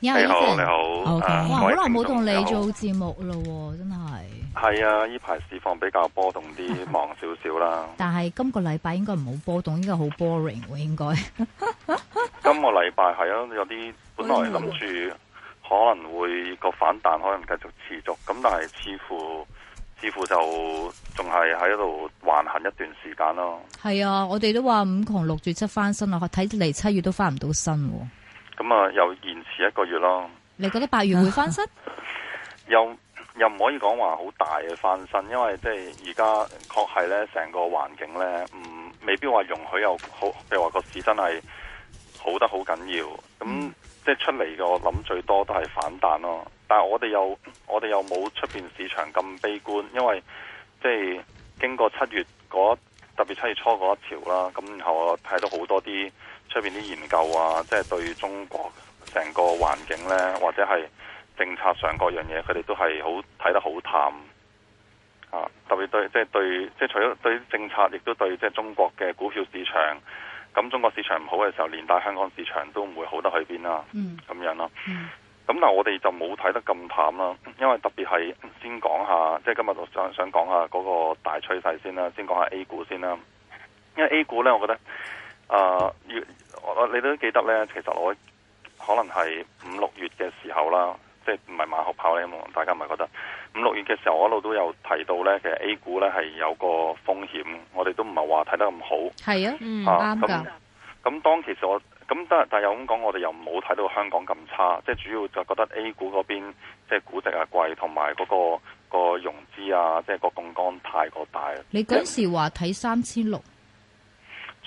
你好，你好。Okay. uh, 哇，好耐冇同你做節目咯，好真係的。係啊，呢排市況比較波動啲， 忙少少啦。但係今個禮拜應該唔好波動，應該好 boring 喎、啊。應該。 今個禮拜係啊，有啲本來諗住可能會個反彈，可能繼續持續。咁但係似乎似乎就仲係喺度橫行一段時間咯。係啊，我哋都話五窮六絕七翻身啦，睇嚟七月都翻唔到身了。咁啊，又延遲一個月咯。你覺得八月會翻身？ 又又唔可以講話好大嘅翻身，因為即係而家確係呢，成個環境呢，唔、嗯、未必話容許又好。譬如話個市真係好得好緊要，咁即係出嚟嘅，我諗最多都係反彈咯。但我哋又我哋又冇出面市場咁悲觀，因為即係經過七月嗰特別七月初嗰一潮啦，咁然後我睇到好多啲，出面啲研究啊，即係對中國成個環境呢，或者係政策上各樣嘢，佢哋都係好睇得好淡啊！特別對，即係對，即係除咗對政策，亦都對即係中國嘅股票市場。咁中國市場唔好嘅時候，連帶香港市場都唔會好得去邊啦。嗯，咁樣咯。嗯，咁但我哋就冇睇得咁淡啦，因為特別係先講下，即係今日想想講下嗰個大趨勢先啦，先講下 A 股先啦。因為 A 股呢，我覺得。啊！我我你都記得咧，其實我可能係五六月嘅時候啦，即係唔係馬後炮咧，大家唔係覺得五六月嘅時候，我一路都有提到咧，其實 A 股咧係有個風險，我哋都唔係話睇得咁好。係啊，啱噶。咁當其實我咁但但又咁講，我哋又唔好睇到香港咁差，即係主要就覺得 A 股嗰邊即係估值啊貴，同埋嗰個個融資啊，即係個槓桿太過大。你嗰時話睇三千六。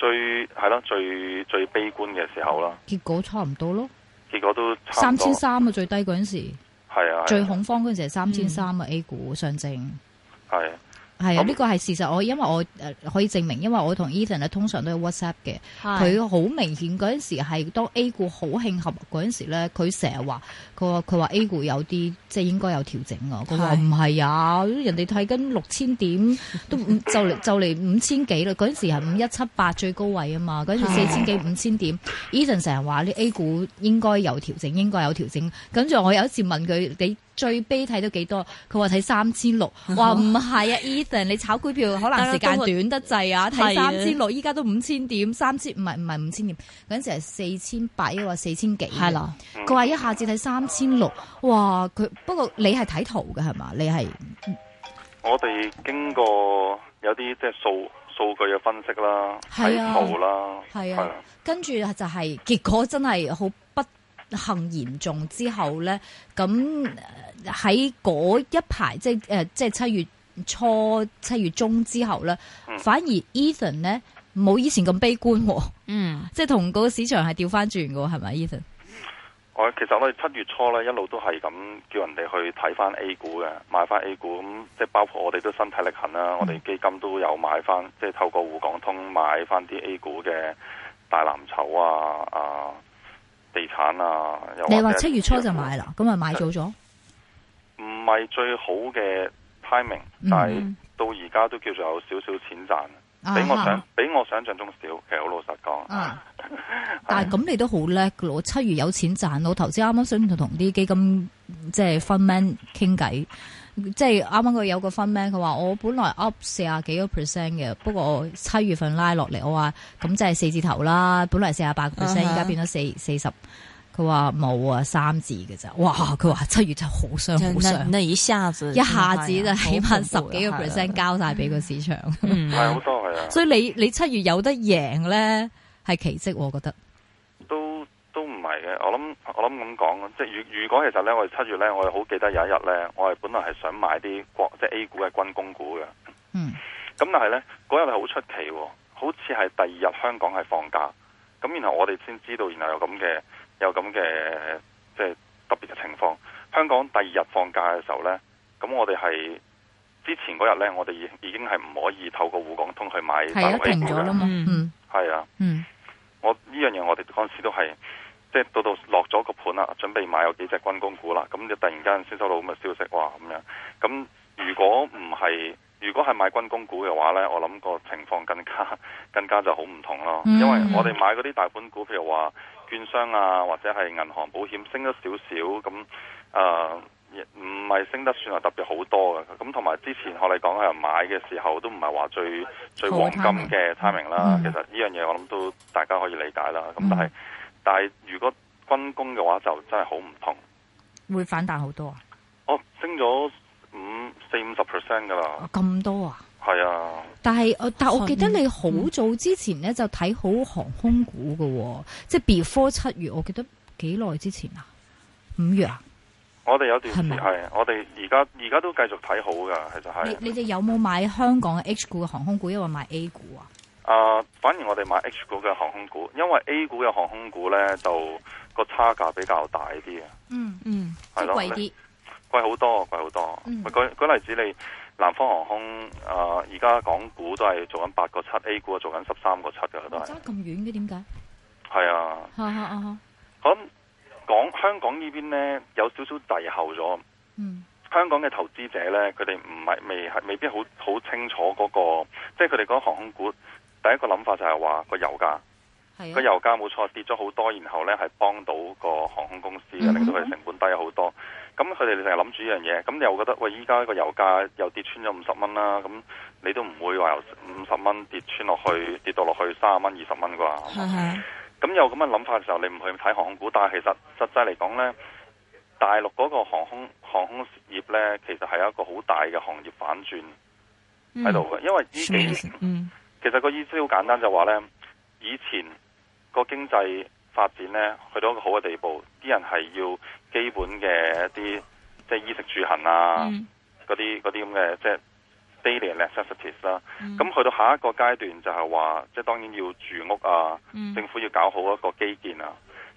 最係咯，最最悲觀嘅時候啦，結果差唔多咯，結果都三千三啊，最低嗰陣時係啊，是的最恐慌嗰陣時係三千三啊，A 股上證係。是係啊，呢、這個係事實。我因為我誒、呃、可以證明，因為我同 Ethan 咧通常都有 WhatsApp 嘅，佢好的明顯嗰陣時係當 A 股好慶合嗰陣時咧，佢成日話佢話佢話 A 股有啲即係應該有調整啊。佢話唔係啊，人哋睇緊六千點都五就嚟就嚟五千幾啦。嗰陣時係五一七八最高位啊嘛，嗰陣四千幾五千點。Ethan 成日話咧 A 股應該有調整，應該有調整。跟住我有一次問佢你。最悲睇到幾多？佢話睇三千六，哇唔係啊，Ethan 你炒股票可能時間短得滯啊，睇三千六，依家都五千點，三千唔係唔係五千點，嗰陣時係四千八，佢話四千幾，係啦的，佢話、嗯、一下子睇三千六，哇佢不過你係睇圖嘅係嘛？你係我哋經過有啲即係數數據嘅分析啦，睇的圖啦，係啊，跟住就係、是、結果真係好不。行嚴重之後咧，咁喺嗰一排，即係即係七月初、七月中之後咧，嗯、反而 Ethan 咧冇以前咁悲觀、哦，嗯，即係同個市場係調翻轉喎，係咪 Ethan？我其實我哋七月初咧一路都係咁叫人哋去睇翻 A 股嘅，買翻 A 股，咁即係包括我哋都身體力行啦，嗯、我哋基金都有買翻，即係透過滬港通買翻啲 A 股嘅大藍籌啊，啊！地產啊，你話七月初就買啦，咁咪買咗咗，唔係最好嘅 timing，、嗯、但係到而家都叫做有少少錢賺，比我想、啊、哈哈比我想象中少，其實好老實講，但係咁你都好叻嘅咯，七月有錢賺，我頭先啱啱想同同啲基金即係 fund man 傾偈。即係啱啱佢有個分名，佢話我本來 up 四啊幾個 percent 嘅，不過我七月份拉落嚟，我話咁即係四字頭啦。本嚟四啊八 percent，而家變咗四四十。佢話冇啊，三字嘅咋？哇！佢話七月傷傷就好傷好傷，一下子一下子就起碼十幾個 percent，交晒俾個市場。嗯， 係好多係啊。所以你你七月有得贏咧，係奇蹟我覺得。我諗我諗咁講，即係如如果其實咧，我哋七月咧，我哋好記得有一日咧，我哋本來係想買啲國即係 A 股嘅軍工股嘅。嗯。咁但係咧嗰日係好出奇，哦，好似係第二日香港係放假，咁然後我哋先知道，原來有咁嘅有咁嘅，呃，即係特別嘅情況。香港第二日放假嘅時候咧，咁我哋係之前嗰日咧，我哋已已經係唔可以透過滬港通去買 A 股嘅。嗯。係啊的。嗯。我呢樣嘢我哋當時都係。即係到到落咗個盤啦，準備買有幾隻軍工股啦，咁就突然間先收到咁嘅消息，哇，咁樣咁如果唔係，如果係買軍工股嘅話呢，我諗個情況更加更加就好唔同咯。嗯、因為我哋買嗰啲大盤股，譬如話券商啊，或者係銀行、保險，升咗少少，咁誒唔係升得算係特別好多嘅。咁同埋之前學你講係買嘅時候都，都唔係話最最黃金嘅 timing 啦。嗯、其實呢樣嘢我諗都大家可以理解啦。咁但係。嗯但係如果軍工嘅話就真係好唔同，會反彈好多啊！我、哦、升咗五四五十 percent 噶啦，咁、哦、多啊？係啊！但係我但係我記得你好早之前咧就睇好航空股嘅、哦，嗯、即係 before 七月，我記得幾耐之前啊？五月啊？我哋有段時係嗎，我哋而家而家都繼續睇好噶，其實係。你哋有冇買香港嘅 H 股嘅航空股，抑或買 A 股啊？啊，uh, 反而我哋買 H 股嘅航空股，因為 A 股嘅航空股咧，就個差價比較大啲啊、嗯。嗯嗯，係咯的，貴啲，貴好多，貴好多。舉、嗯、例子，你南方航空啊，而、呃、家港股都係做緊八個七，A 股啊做緊十三個七嘅都係。差咁遠嘅，點解？係啊的。咁講香港呢邊咧，有少少滯後咗。嗯。香港嘅、嗯、投資者咧，佢哋唔係未係，未必好好清楚嗰、那個，即係佢哋嗰個航空股。第一個諗法就係話個油價，個、啊、油價冇錯跌咗好多，然後呢，係幫到個航空公司嘅，嗯、哼令到佢成本低咗好多。咁佢哋成日諗住呢樣嘢，咁你又覺得喂，依家個油價又跌穿咗五十蚊啦，咁你都唔會話由五十蚊跌穿落去，跌到落去三十蚊二十蚊啩？咁、啊、有咁嘅諗法嘅時候，你唔去睇航空股，但係其實實際嚟講呢，大陸嗰個航空航空業呢，其實係一個好大嘅行業反轉喺度嘅，嗯、因為呢幾年。嗯其實個意思好簡單，就話呢，以前個經濟發展呢，去到一個好嘅地步，啲人係要基本嘅一啲即係衣食住行啊，嗰啲嗰啲咁嘅即係 daily necessities 啦、啊。咁、嗯、去到下一個階段就係話，即係當然要住屋啊，嗯、政府要搞好一個基建啊。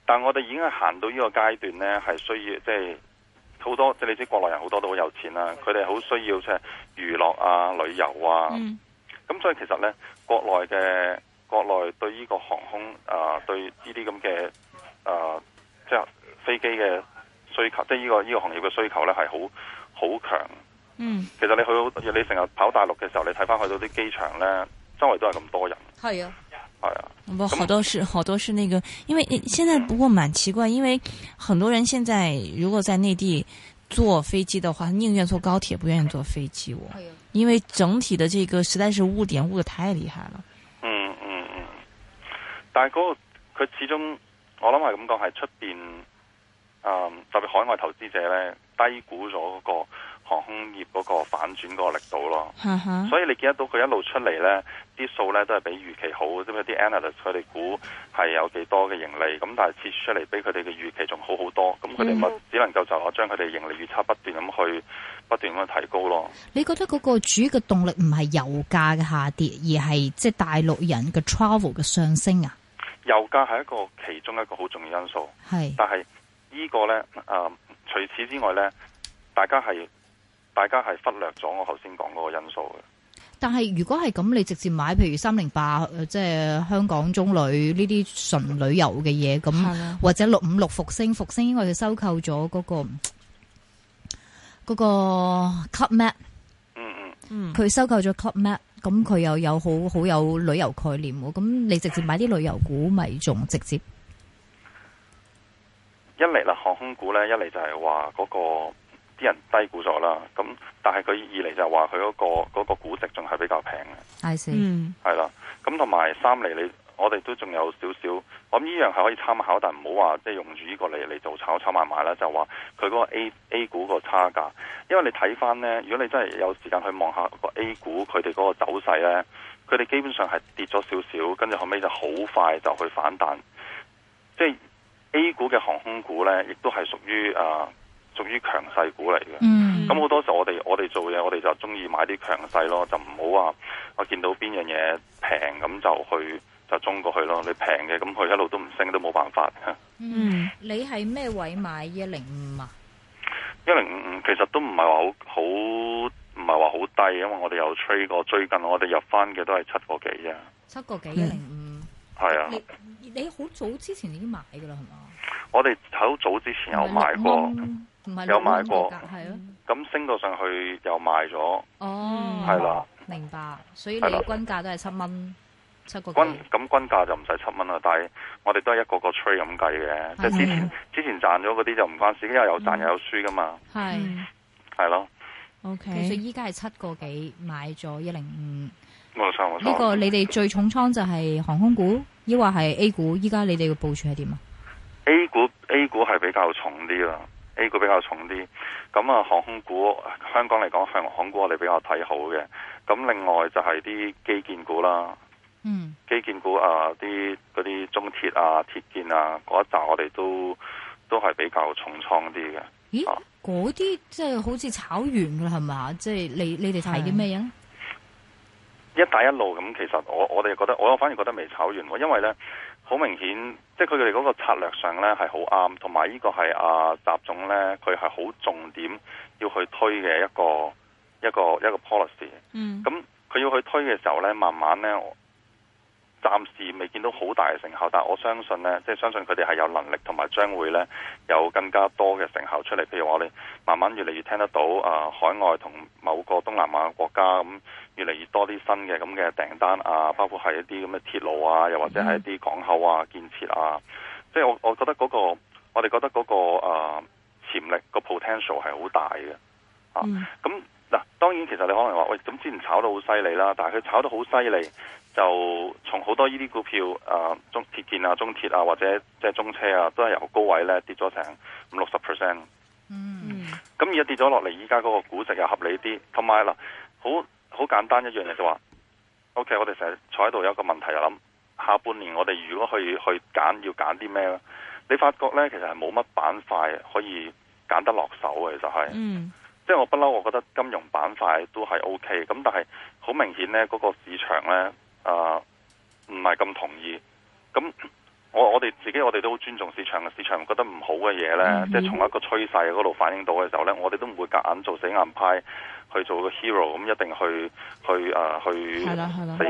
但我哋已經行到呢個階段呢，係需要即係好多即係、就是、你知國內人好多都好有錢啦、啊，佢哋好需要即係娛樂啊、旅遊啊。嗯咁、嗯、所以其實咧，國內嘅國內對呢個航空啊、呃，對呢啲咁嘅啊，即、呃、係、就是、飛機嘅需求，即係呢個呢、這個行業嘅需求咧，係好好強。嗯。其實你去到你成日跑大陸嘅時候，你睇翻去到啲機場咧，周圍都係咁多人。係的啊。係啊、嗯。好多是好多是那個，因為現在不過蠻奇怪，因為很多人現在如果在內地坐飛機的話，寧願坐高鐵，不願意坐飛機喎。因為整體嘅這個實在是污點污得太厲害啦、嗯。嗯嗯嗯，但係嗰，那個佢始終，我諗係咁講，係出邊，誒、呃，特別海外投資者呢低估咗嗰個航空業嗰個反轉嗰個力度咯。嗯嗯，所以你見得到佢一路出嚟呢啲數呢都係比預期好，因為啲 analyst 佢哋估係有幾多嘅盈利，咁但係次出嚟比佢哋嘅預期仲好好多，咁佢哋咪只能夠就將佢哋盈利預測不斷咁去。不斷咁提高咯。你覺得嗰個主要嘅動力唔係油價嘅下跌，而係即係大陸人嘅 travel 嘅上升啊？油價係一個其中一個好重要因素，係。但係呢個呢，啊、呃，除此之外呢，大家係大家係忽略咗我頭先講嗰個因素嘅。但係如果係咁，你直接買，譬如三零八，即係香港中旅呢啲純旅遊嘅嘢，咁或者六五六復星，復星應該係佢收購咗嗰個。嗰個 Club Med 嗯嗯，佢、嗯、收購咗 Club Med 咁佢又有好好有旅遊概念喎，咁你直接買啲旅遊股咪仲、嗯、直接？一嚟啦，航空股咧，一嚟就係話嗰個啲人低估咗啦，咁但係佢二嚟就係話佢嗰個估值仲係比較平嘅，係先 I see.、嗯，係啦，咁同埋三嚟你。我哋都仲有少少，咁呢樣係可以參考，但唔好話即係用住、這、呢個嚟嚟做炒炒買買啦。就話佢嗰個 A A 股個差價，因為你睇翻呢，如果你真係有時間去望下個 A 股，佢哋嗰個走勢呢，佢哋基本上係跌咗少少，跟住後尾就好快就去反彈。即、就、係、是、A 股嘅航空股呢，亦都係屬於啊，屬於強勢股嚟嘅。咁好、嗯、多時候我哋我哋做嘢，我哋就中意買啲強勢咯，就唔好話我見到邊樣嘢平咁就去，衝過去咯，你平嘅，咁佢一路都唔升都冇辦法。嗯，你係咩位買一零五啊？一零五五其實都唔係話好好，唔係話好低，因為我哋有 trade 過，最近我哋入翻嘅都係七個幾啫。七個幾一零五？係、嗯、啊，你好早之前已經買噶啦，係嘛？我哋好早之前有買過，有買過，咁、啊、升到上去又賣咗，哦，係啦了，明白。所以你均價都係七蚊。均咁均價就唔使七蚊啦，但係我哋都係一個一個 trade 咁計嘅，的即係之前之前賺咗嗰啲就唔關事，因為有賺又有輸噶嘛，係係咯。OK，其實依家係七個幾買咗一零五，冇錯冇錯。呢、這個錯你哋最重倉就係航空股，抑或係 A 股？依家你哋嘅部署係點啊？A 股 A 股係比較重啲啦，A 股比較重啲。咁啊，航空股香港嚟講，航空股我哋比較睇好嘅。咁另外就係啲基建股啦。嗯，基建股啊，啲嗰啲中鐵啊、鐵建啊嗰一扎，我哋都都係比較重倉啲嘅。咦，嗰啲即係好似炒完啦，係咪？即係你你哋睇啲咩嘢？的一帶一路咁，其實我我哋覺得，我反而覺得未炒完，因為咧好明顯，即係佢哋嗰個策略上咧係好啱，同埋、啊、呢個係啊習總咧，佢係好重點要去推嘅一個一個一個 policy。嗯，咁佢要去推嘅時候咧，慢慢咧。暫時未見到好大嘅成效，但我相信呢，即係相信佢哋係有能力，同埋將會呢有更加多嘅成效出嚟。譬如我哋慢慢越嚟越聽得到啊，海外同某個東南亞國家咁、嗯，越嚟越多啲新嘅咁嘅訂單啊，包括係一啲咁嘅鐵路啊，又或者係一啲港口啊建設啊。Mm. 即係我，我覺得嗰、那個，我哋覺得嗰、那個誒、啊、潛力個 potential 係好大嘅啊。咁嗱，當然其實你可能話，喂，咁之前炒得好犀利啦，但係佢炒得好犀利。就從好多呢啲股票，誒、啊、中鐵建啊、中鐵啊或者即係中車啊，都係由高位咧跌咗成五六十 percent。嗯，咁而家跌咗落嚟，依家嗰個估值又合理啲，同埋啦好好簡單一樣嘢就話，O K，我哋成日坐喺度有個問題就諗，下半年我哋如果去去揀，要揀啲咩咧？你發覺咧，其實係冇乜板塊可以揀得落手嘅，其實係，嗯，即係我不嬲，我覺得金融板塊都係 O K，咁但係好明顯咧，嗰個市場咧。啊，唔係咁同意。咁我我哋自己我哋都好尊重市場嘅市場，覺得唔好嘅嘢呢，mm hmm. 即係從一個趨勢嗰度反映到嘅時候呢，我哋都唔會夾硬做死硬派，去做個 hero，咁一定去去啊去 死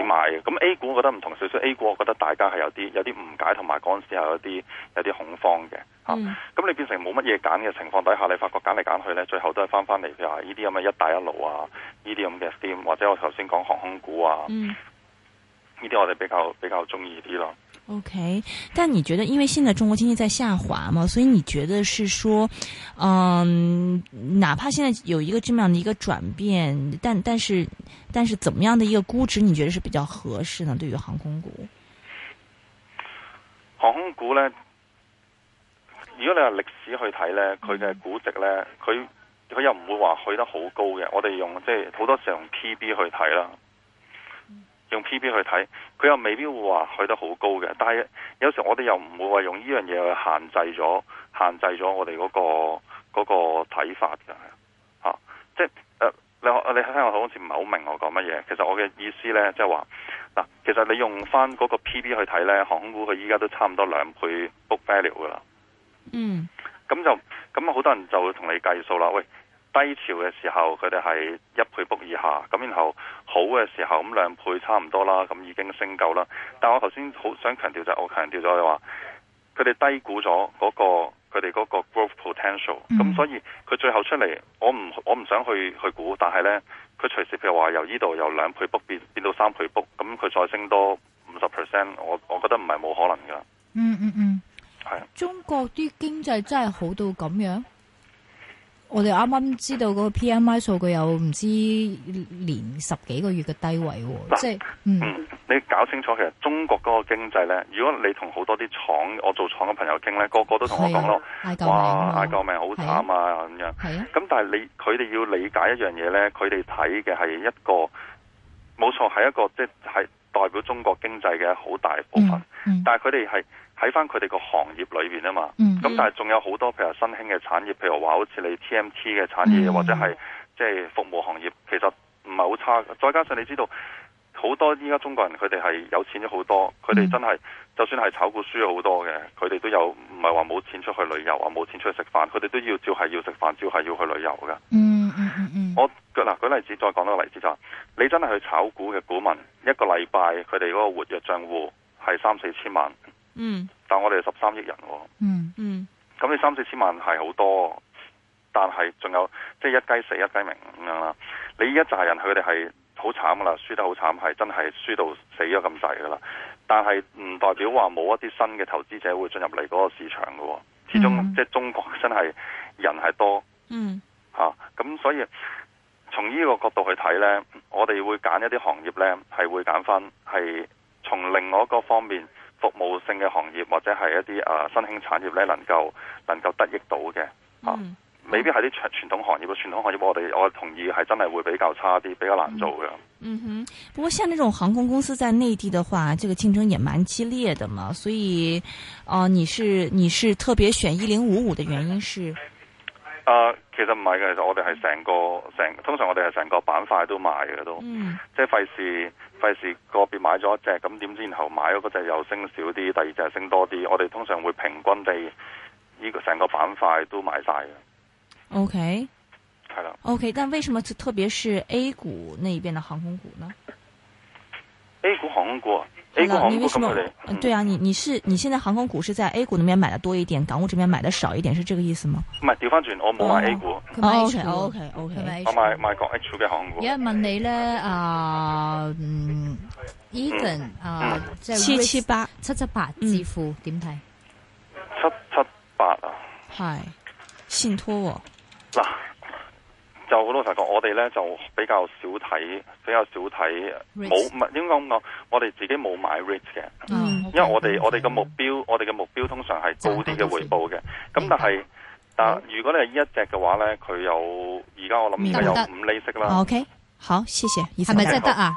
埋嘅。咁 A 股我覺得唔同，少少 A 股我覺得大家係有啲有啲誤解，同埋嗰陣時有啲有啲恐慌嘅。咁，mm hmm. 啊，你變成冇乜嘢揀嘅情況底下，你發覺揀嚟揀去呢，最後都係翻翻嚟，譬如話呢啲咁嘅一帶一路啊，呢啲咁嘅 steam，或者我頭先講航空股啊。Mm hmm. 呢啲我哋比較比較中意啲咯。OK，但你覺得因為現在中國經濟在下滑嘛，所以你覺得是說，嗯、呃，哪怕現在有一個咁樣的一個轉變，但但是但是，但是怎麼樣的一個估值你覺得是比較合適呢？對於航空股，航空股呢，如果你話歷史去睇呢，佢嘅估值呢，佢佢又唔會話去得好高嘅。我哋用即係好多時用 PB 去睇啦。.用 P B 去睇，佢又未必會話去得好高嘅。但係有時我哋又唔會話用呢樣嘢去限制咗、限制咗我哋嗰個、嗰個睇法嘅。吓、啊，即係誒、呃，你我你聽我好似唔係好明我講乜嘢。其實我嘅意思咧，即係話嗱，其實你用翻嗰個 P B 去睇咧，航空股佢依家都差唔多兩倍 book value 噶啦。嗯。咁就咁啊，好多人就同你計數啦。喂。低潮嘅時候，佢哋係一倍 book 以下，咁然後好嘅時候咁兩倍差唔多啦，咁已經升夠啦。但我頭先好想強調就係，我強調咗話，佢哋低估咗嗰個佢哋嗰個 growth potential、嗯。咁所以佢最後出嚟，我唔我唔想去去估，但係呢，佢隨時譬如話由呢度由兩倍 book 變變到三倍 book，咁佢再升多五十 percent，我我覺得唔係冇可能㗎、嗯。嗯嗯嗯，係。中國啲經濟真係好到咁樣？我哋啱啱知道嗰個 PMI 數據有唔知連十幾個月嘅低位喎，嗯、即係嗯，你搞清楚其實中國嗰個經濟呢，如果你同好多啲廠，我做廠嘅朋友傾呢，個個都同我講咯，啊啊、哇，嗌救命、啊，好慘啊咁、啊、樣，咁、啊、但係你佢哋要理解一樣嘢呢，佢哋睇嘅係一個冇錯係一個即係。係代表中國經濟嘅好大部分，嗯嗯、但係佢哋係喺翻佢哋個行業裏面啊嘛。咁、嗯、但係仲有好多譬如新興嘅產業，譬如話好似你 TMT 嘅產業，嗯、或者係即係服務行業，其實唔係好差嘅。再加上你知道好多依家中國人佢哋係有錢咗好多，佢哋真係就算係炒股輸咗好多嘅，佢哋都有唔係話冇錢出去旅遊啊，冇錢出去食飯，佢哋都要照係要食飯，照係要去旅遊㗎。嗯 嗯、我嗱舉例子再講多個例子就，你真係去炒股嘅股民一個禮拜佢哋嗰個活躍賬戶係三四千萬，嗯，但我哋十三億人，嗯嗯，咁、嗯、你三四千萬係好多，但係仲有即係一雞死一雞鳴咁樣啦。你一紮人佢哋係好慘噶啦，輸得好慘係真係輸到死咗咁滯噶啦。但係唔代表話冇一啲新嘅投資者會進入嚟嗰個市場噶，始終、嗯、即係中國真係人係多，嗯。啊，咁所以從呢個角度去睇呢，我哋會揀一啲行業呢係會揀翻係從另外一個方面，服務性嘅行業或者係一啲啊新興產業呢，能夠能夠得益到嘅啊，嗯、未必係啲傳統行業嘅傳統行業，我哋我同意係真係會比較差啲，比較難做嘅，嗯。嗯哼，不過像呢種航空公司在內地嘅話，這個競爭也蠻激烈的嘛，所以啊、呃，你是你是特別選一零五五的原因係？啊、呃，其實唔係嘅，其實我哋係成個成，通常我哋係成個板塊都買嘅都，嗯、即係費事費事個別買咗一隻，咁點知然後買嗰隻又升少啲，第二隻又升多啲，我哋通常會平均地呢、這個成個板塊都買晒嘅。OK，係啦的。OK，但為什麼特別是 A 股那邊的航空股呢？A 股航空股。啊。你為什麼對啊，你你是你現在航空股是在 A 股裡面買的多一點，港股這邊買的少一點，是這個意思嗎？唔係，調翻轉我唔買 A 股，OK OK，我買買港 H 嘅航空。而家問你咧，啊，嗯，Ethan 啊，即係七七八七七八置富點睇？七七八啊？係，信託嗱。就好老實講，我哋咧就比較少睇，比較少睇，冇，唔係應該咁講，我哋自己冇買 rich 嘅，因為我哋我哋嘅目標，我哋嘅目標通常係高啲嘅回報嘅。咁但係，但如果你係呢一隻嘅話咧，佢有而家我諗而家有五釐息啦。OK，好，謝謝，係咪真得啊。